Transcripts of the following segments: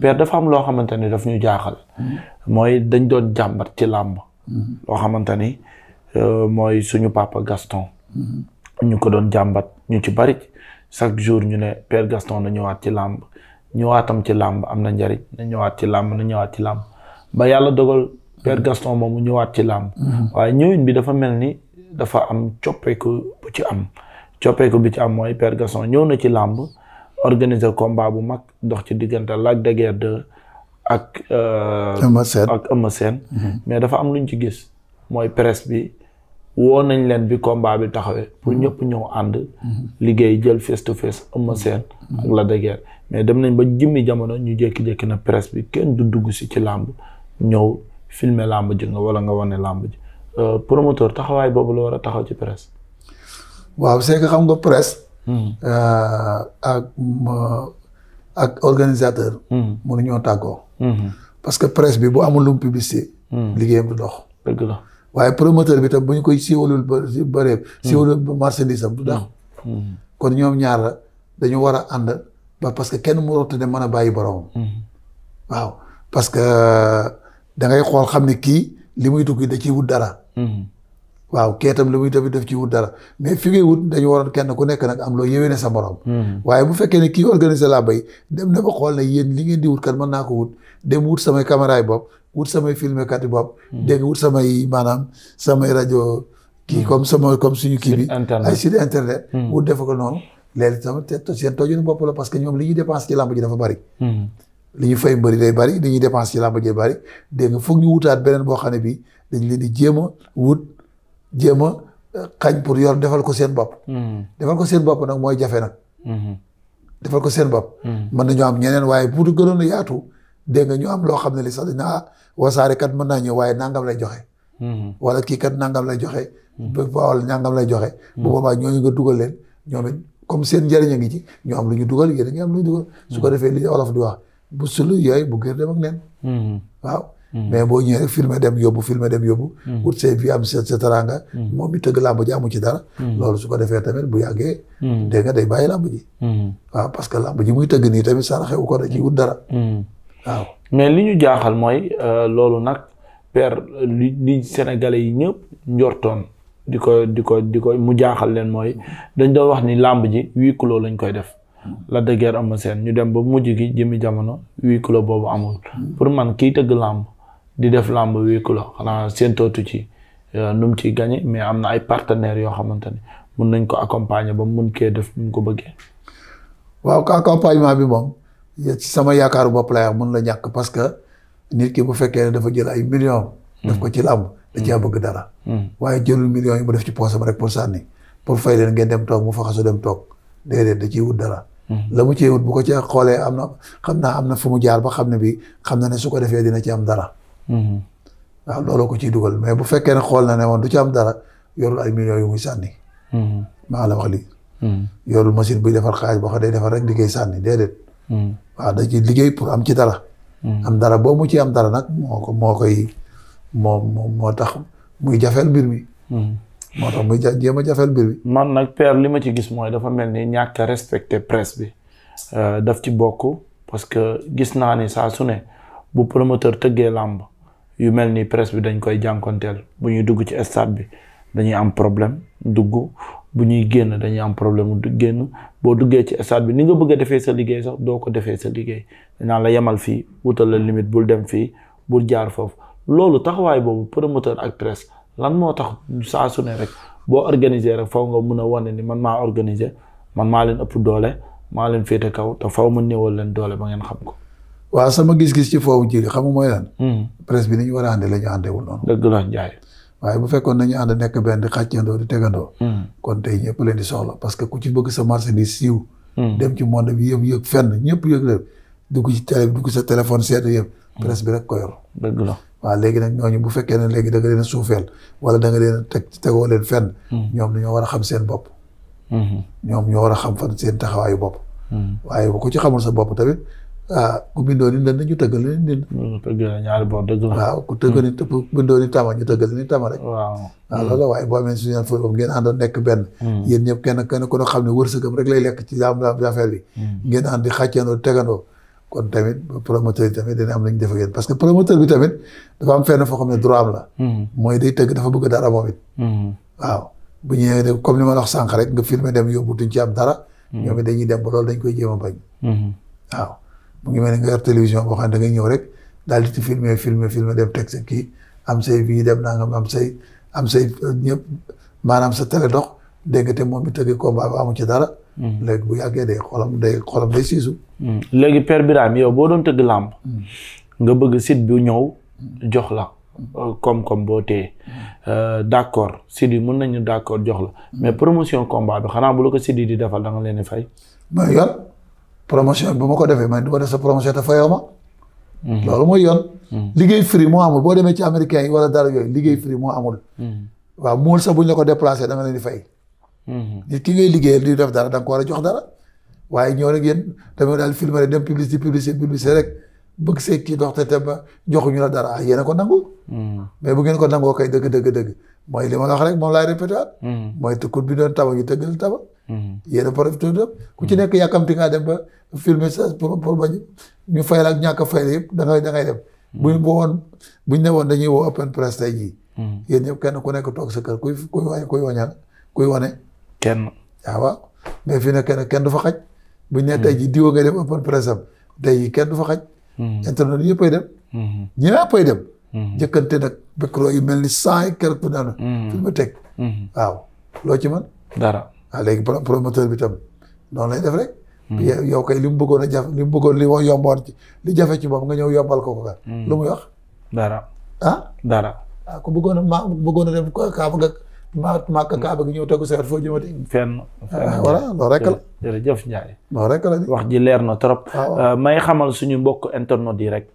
père dafa am loo xamante ni daf ñu jaaxal. Mm-hmm. mooy dañ doon jàmbat ci làmb. Mm-hmm. loo xamante ni euh, mooy suñu papa Gaston. Mm-hmm. ñu ko doon jàmbat ñu ci bari chaque jour ñu ne père Gaston na ñëwaat ci làmb ñëwaatam ci làmb am na njariñ na ñëwaat ci làmb na ci làmb ba yàlla dogal père Gaston moomu ñëwaat ci làmb. waaye ñëwin bi dafa mel ni dafa am coppeeku bu ci am coppeeku bi ci am mooy père Gaston ñëw na ci làmb. organiser combat bu mag dox ci diggante Lac de ak. Euh, Eumeu Sène ak Eumeu Sène mhm. mais dafa am lu ñu ci gis mooy presse bi woo nañ leen bi combat bi taxawee. pour mhm. ñëpp ñëw ànd. Mhm. liggéey jël face to face Eumeu Sène ak la de mais dem nañ ba jimmi jamono ñu jékki-jékki na presse bi kenn du dugg si ci làmb ñëw filmer làmb ji nga wala nga wane làmb ji euh, promoteur taxawaay boobu la war a taxaw ci presse. waaw c'est que xam nga presse. Euh, ak ak organisateur. Hmm. mënuñoo tàggoo. Hmm. parce que presse bi bu amul lu mu publicité. Hmm. liggéeyam du dox. dëgg la waaye promoteur bi tam bu ñu koy siiwalul ba si bëree. siiwalul marchandise am du dox. kon ñoom ñaar la dañu war a ànd ba parce que kenn mu rotte ne mën a bàyyi boromam. waaw parce que euh, xool xam ne kii li muy tukki da ciy wut dara. waaw kee itam lu muy tamit def ci wut dara mais fi wut dañu waroon kenn ku nekk nag am loo yéwéne sa morom. Hmm. waaye bu fekkee ne kii organiser laa bay dem na ba xool ne yéen li ngeen di wut kat mën naa ko wut dem wut samay bopp hmm. kii hmm. comme sama comme suñu kii bi ay site la parce que ñoom li ñuy dépense ci làmb ji dafa bari. li ñu fay mbëri day bari li ñuy dépense ci làmb ji bari dégg nga ñu wutaat beneen boo xam ne bii dañ leen di jéem a wut jéem a euh, xañ pour yor defal ko seen bopp. Hmm. defal ko seen bopp nag mooy jafe nag. Hmm. defal ko seen bopp. Hmm. mën nañoo am ñeneen waaye bu gënoon a yaatu dégg nga ñu am loo xam ne li sax dina ah wasaare kat mën naa ñëw waaye nangam lay joxe. wala kii kat nangam lay joxe. ba wala nangam lay joxe. bu boobaa ñooñu nga dugal leen ñoom it comme seen njëriñ a ngi ci ñu am lu ñu dugal yéen a am lu ñu dugal. su ko defee li olof di wax bu sulu yooyu bu gër dem ak neen. waaw Mm. mais boo ñëwee rek filmé dem yóbbu filmé dem yóbbu mm. wut say bi am sa sa taranga mm. moom mi tëgg làmb ji amu ci dara loolu su ko defee tamit bu yàggee dégg nga day bàyyi làmb ji waaw parce que làmb ji muy tëgg nii tamit saraxewu ko da ci wut mais li ñu jaaxal mooy euh, loolu nag père li yi ñëpp njortoon di ko di ko di ko mu jaaxal leen mooy dañ doon wax ni làmb ji huis clos lañ koy def la de Guiers Eumeu Sène ñu dem ba mujj gi jëmmi jamono huis kilo boobu amul pour man kiy tëgg làmb di def làmb wii ku la xanaa séentootu ci euh, nu mu ciy gagné mais am na ay partenaires yoo xamante ne mun nañ ko accompagner ba mu mun kee def mu ko bëggee. waaw ka accompagnement bi moom ci sama yaakaaru bopp laa mun la ñàkk parce que nit ki bu fekkee ne dafa jël ay millions. def ko ci làmb. da cee bëgg dara. Hmm. waaye jëlul millions yi mu def ci poosam rek pour sànni pour fay leen ngeen dem toog mu faxasu dem toog déedéet da ciy wut dara. Hmm. la mu cee wut bu ko ci xoolee am na xam naa am na fu mu jaar ba xam ne bi xam na ne su ko defee dina ci am dara. waaw looloo ko ciy dugal mais bu fekkee ne xool na ne woon du ci am dara yorul ay millions yu muy sànni. maa la wax lii. yorul machine buy defar xaaj boo xam day defar rek liggéey sànni déedéet. waaw da ci liggéey pour am ci dara. am dara boo mu ci am dara nag moo ko moo koy moo moo tax muy jafeel mbir mi. moo tax muy ja jéem a jafeel mbir mi. man nag père li ma ci gis mooy dafa mel ni ñàkk a respecté bi. Euh, daf ci bokk parce que gis naa ni saa su ne bu promoteur tëggee làmb yu mel nii presse bi dañ koy jànkonteel bu ñuy dugg ci stade bi dañuy am problème dugg bu ñuy génn dañuy am problème du génn boo duggee ci stade bi ni nga bëgg a defee sa liggéey sax doo ko defee sa liggéey dinaa la yemal fii wutal la limite bul dem fii bul jaar foofu loolu taxawaay boobu promoteur ak presse lan moo tax saa su ne rek boo organiser rek faw nga mën a wane ni man maa organiser man maa leen ëpp doole maa leen féete kaw te faw ma néewal leen doole ba xam ko waaw sama gis-gis ci foofu jiri xamu nga mooy lan. Hmm. presse bi ni ñu war a ànd la ñu àndewul noonu. dëgg la Ndiaye. waaye bu fekkoon nañu ànd nekk benn di xàccandoo di tegandoo. Hmm. kon tey ñëpp leen di soxla parce que ku ci bëgg sa marchandise siiw. Hmm. dem ci monde bi yëpp yëg fenn ñëpp yëg la dugg ci télé dugg sa téléphone seetu yëpp. presse bi rek ko yor. dëgg la waaw léegi nag ñooñu bu fekkee ne léegi danga nga leen suufeel wala da nga leen teg tegoo leen fenn. ñoom dañoo war a xam seen bopp. ñoom ñoo war a xam fan seen taxawaayu bopp. waaye bu ko ci xamul sa bopp tamit waaw ah, ku bindoo ni ndënd ñu tëggal ni ndënd. tëggal ñaari boor dëgg la. waaw ku tëggal ni ku bindoo ni tama ñu tëggal ni tama rek. waaw ah, loolu waaye boo amee suñu foofu ngeen àndoon nekk benn. Hmm. yéen ñëpp kenn kenn ku ne xam ne wërsëgam rek lay lekk ci hmm. am lañu def ak yéen promoteur bi tamit dafa am fenn foo xam ne droit am la. Hmm. mooy day tëgg dafa bëgg dara moom waaw bu ñëwee comme ni ma la wax sànq rek nga filmé dem yóbbu duñ ci am dara. ñoom it dañuy dem ba loolu dañ koy jéem a bañ. waaw mu ngi mel ni nga yor télévision boo xam ne da ñëw rek daal di ci filmer filmer filmer dem teg sa kii am say vie dem naa nga am say am say euh, ñëpp maanaam sa télé dox dégg te moom mi tëgg combat ba amu ci dara. Hmm. léegi bu yàggee day xolam day hmm. léegi Père yow boo doon tëgg làmp hmm. nga bëgg site bu ñëw jox la. Euh, koom-koom boo tee euh, d'accord site yi mën nañu d'accord jox la mais promotion combat bi xanaa bu la ko site yi di defal da nga leen di mooy yoon. promotion bu ma ko defee man du ma def sa promotion te fayoo ma. Mhm. loolu mooy yoon. Mhm. liggéey free moo amul boo demee ci américain yi wala dara yooyu liggéey free moo amul. Mhm. waaw mool sax bu ñu la ko déplacé danga nga leen di fay. nit ki ngay liggéeyal di def dara da nga ko war a jox dara. waaye ñoo rek yéen dama daal filmé rek dem publicité publicité publicité rek bëgg see kii dox te te ba joxuñu la dara ah yéen ko nangu. mais bu ngeen ko nangoo kay dëgg dëgg dëgg. mooy li ma wax rek moom laay répété waat. Hmm. mooy tukut bi doon tabax yi tëggal tabax. Hmm. yéen a profité yëpp ku ci hmm. nekk yàkkamti ngaa dem ba filmer sa pour pour bañ ñu fayal ak ñàkk a yëpp da ngay da ngay dem. buñ boo woon buñ ne woon dañuy woo open press tey jii. yéen ñëpp kenn ku nekk toog sa kër kuy kuy wane kuy wañal kuy wane. kenn ah, waaw mais fi ne kenn kenn du fa xaj. buñ ne tey jii diwa ngay dem open press am tey kenn du fa xaj. internet yëppay dem. ñëppay dem. Mm-hmm. jëkkante nag bekkuloo yu mel ni cent et quelque naan fi mu teg mm-hmm. waaw loo ci man dara waaw ah, léegi promoteur bi tam noonu lay def rek mm-hmm. yow kay li mu bëggoon a jafe li mu bëggoon li wax yomboon ci li jafe ci moom nga ñëw yombal ko ko lu muy wax dara ah dara ah bëggoon a ma bëggoon a dem kaaba nga ma màkk kaaba gi ñëw tegu sawet foo jëmati ah, fenn voilà loolu rek la jërëjëf Ndiaye loolu rek la wax ji leer na trop ah, euh, may xamal suñu mbokk internet yi rek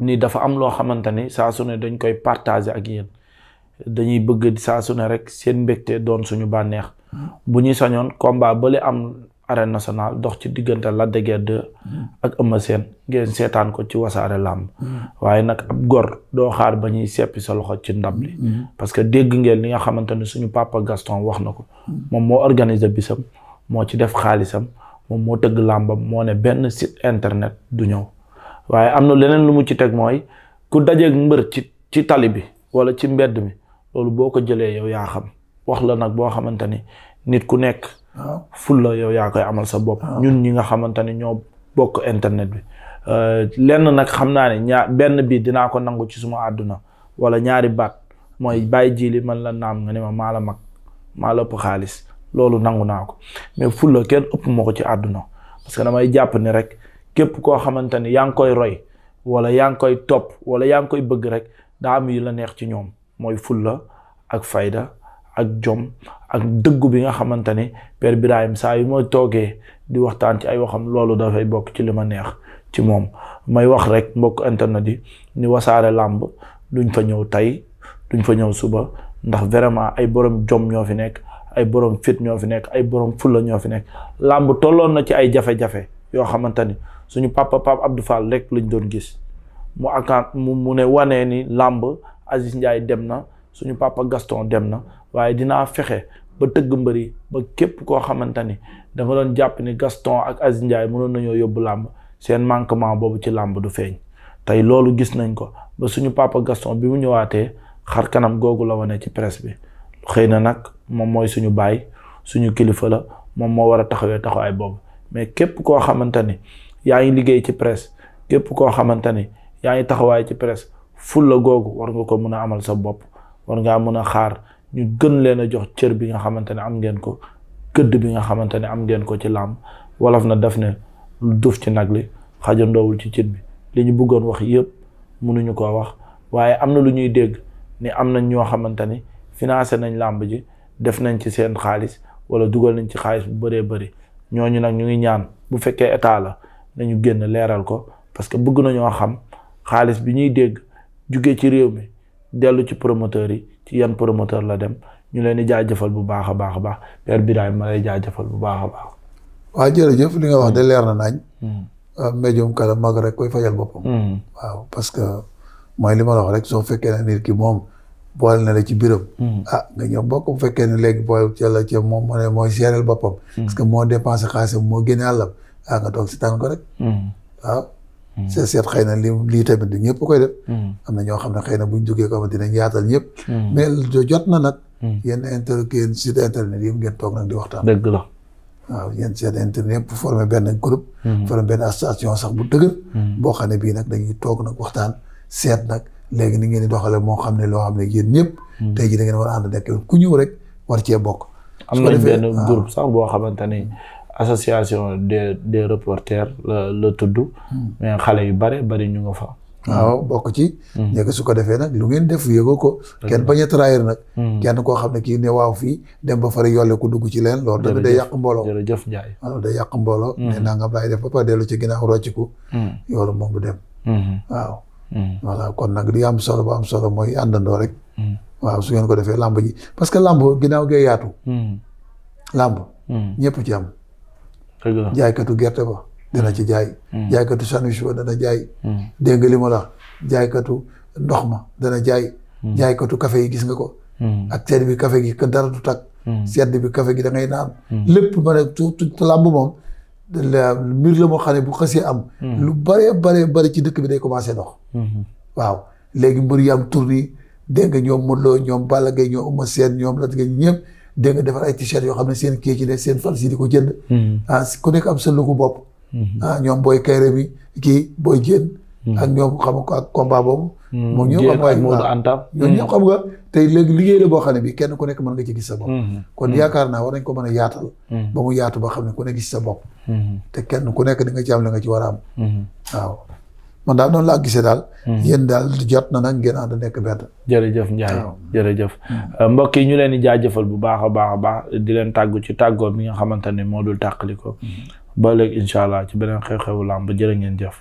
nii dafa am loo xamante ni saa su dañ koy partager ak yéen dañuy bëgg saa su ne rek seen mbégte doon suñu bànneex bu ñuy sañoon combat bale am arène nationale dox ci diggante Lac de Guiers ak Eumeu seen ngeen seetaan ko ci wasaare làmb waaye nag ab gor doo xaar ba ñuy seppi sa loxo ci ndab li parce que dégg ngeen li nga xamante ne suñu papa Gaston wax na ko moom moo organiser bisam moo ci def xaalisam moom moo tëgg làmbam moo ne benn site internet du ñëw waaye am na leneen lu mu ci teg mooy ku dajeeg mbër ci ci tali bi wala ci mbedd mi loolu boo ko jëlee yow yaa xam wax la nag boo xamante ni nit ku nekk ful la yow yaa koy amal sa bopp ñun ñi nga xamante ni ñoo bokk internet bi euh, lenn nag xam naa ne ñaar benn bii dinaa ko nangu ci suma àdduna wala ñaari baat mooy bàyyi ji li man la naam nga ne ma maa la mag maa la ëpp xaalis loolu nangu naa ko mais ful la kenn ëpp ma ko ci àdduna parce damay jàpp ni rek képp koo xamante ne yaa ngi koy roy wala yaa ngi koy topp wala yaa ngi koy bëgg rek daa am yu la neex ci ñoom mooy fulla ak fayda ak jom ak dëggu bi nga xamante ne Père Birahim saa yu mooy toogee di waxtaan ci ay waxam loolu dafay bokk ci li ma neex ci moom may wax rek mbokk internet yi ni wasaare làmb duñ fa ñëw tey duñ fa ñëw suba ndax vraiment ay borom jom ñoo fi nekk ay borom fit ñoo fi nekk ay borom fulla ñoo fi nekk làmb tolloon na ci ay jafe-jafe yoo xamante ni suñu papa papa Abdou Fall rek lañ doon gis mu akan mu mu ne wanee ni làmb Aziz Ndiaye dem na suñu papa Gaston dem na waaye dinaa fexe ba tëgg mbër yi ba képp koo xamante ni da nga doon jàpp ni Gaston ak Aziz Ndiaye mënoon nañoo yóbbu làmb seen manquement boobu ci làmb du feeñ tey loolu gis nañ ko ba suñu papa Gaston bi mu ñëwaatee xar kanam googu la wane ci presse bi xëy na nag moom mooy suñu baay suñu kilifa la moom moo war a taxawee taxawaay ay mais xamante ni yaa ngi liggéey ci presse képp koo xamante ni yaa ngi taxawaay ci presse fulla googu war nga ko mën a amal sa bopp war ngaa mën a xaar ñu gën leen a jox cër bi nga xamante ne am ngeen ko gëdd bi nga xamante ne am ngeen ko ci làmb wolof na def na lu duuf ci nag li xajandoowul ci cin bi li ñu buggoon wax yëpp mënuñu ko wax waaye am na lu ñuy dégg ni am nañ ñoo xamante ni financé nañ làmb ji def nañ ci seen xaalis wala dugal nañ ci xaalis bu bëree bëri ñooñu nag ñu ngi ñaan bu fekkee état la nañu génn leeral ko parce que bëgg nañoo xam xaalis bi ñuy dégg jugee ci réew mi dellu ci promoteurs yi ci yan promoteur la dem ñu leen di jaajëfal bu baax a baax a baax Père Birahim ma lay jëfal bu baax a baax. waaw jërëjëf li nga wax de leer na nañ. Hmm. Euh, médium kala mag rek koy fajal boppam. Hmm. waaw parce que mooy li ma la wax rek soo fekkee ne nit ki moom boole na la ci biram hmm. ah nga ñëw bokk bu fekkee ne léegi boole ci la ci moom moo mooy géreel boppam. parce que moo dépensé xaalisam moo génne ah nga toog si tànn ko rek. Hmm. waaw. Hmm. seet seet xëy na li lii tamit du ñëpp koy def. Hmm. am na ñoo xam ne xëy na buñ jógee ko dinañ yaatal ñëpp. mais jot na nag. yéen inter yéen site internet yi ngeen toog nag di waxtaan. dëgg la. waaw seen internet yëpp formé benn groupe. formé benn association sax bu dëgër. boo xam ne bii nag dañuy toog nag waxtaan seet nag léegi ni ngeen di doxalee moo xam ne loo xam ne yéen ñëpp. tey jii da ngeen war a ànd nekk ku ñëw rek war cee bokk. am nañ benn groupe sax boo xamante ni association des des reporters la la tudd. Hmm. mais xale yu bare bari ñu nga fa. waaw bokk ci. Hmm. nekk su ko defee nag lu ngeen def yëgoo ko. kenn bañ a trahir nag. Hmm. kenn koo xam ne kii ne waaw fii dem ba fari yolle ku dugg ci leen. loolu tamit day yàq mbooloo jërëjëf Ndiaye. waaw day yàq naa nga ba pare dellu ci ginnaaw rocciku. yoolu moom du dem. kon nag li am solo ba am solo mooy àndandoo rek. waaw su ngeen ko defee làmb ji parce que làmb ginnaaw gee yaatu. làmb ñëpp ci am. jaaykatu gerte ba dana ci jaay. Hmm. jaaykatu sandwich ba dana jaay. Hmm. dégg nga li ma la jaaykatu ndox ma dana jaay. Hmm. jaaykatu café yi gis nga ko. ak sedd bi café gi dara du tag sedd bi café gi da ngay naan. lépp ma ne tu làmb moom. la mbir la moo xam ne bu xasee am. lu bare bare bare ci dëkk bi day commencé dox. waaw léegi mbër yi am tournée dégg nga ñoom Modou Lo ñoom Balla Gaye ñoom Eumeu Sène ñoom Lac de Guiers dégg nga defar ay t-shirt yoo xam ne seen kii ci ne seen fans yi di ko jënd. Mm-hmm. ah ku nekk am sa lugu bopp. Mm-hmm. ah ñoom booy kayre mi kii booy jën. Mm-hmm. ak ñoom xam nga ak combat boobu. moom ñoo xam waaye ñoom ñoo xam nga tey léegi liggéey la boo xam ne bi kenn ku nekk mën nga ci gis sa bopp. kon yaakaar naa war nañ ko mën a yaatal. ba mu yaatu ba xam ne ku ne gis sa bopp. te kenn ku nekk di nga ci am la nga ci war a am. waaw. man daal noonu laa gisee daal. Hmm. yéen daal jot na nag ngeen ànd nekk benn. jërëjëf Ndiaye jërëjëf. Hmm. Euh, mbokk yi ñu leen di jaajëfal bu baax a baax a baax di leen tàggu ci tàggoo bi nga xamante ne moo dul tàqali ko. Hmm. ba léegi incha allah ci beneen xew-xewu làmb jërë ngeen jëf.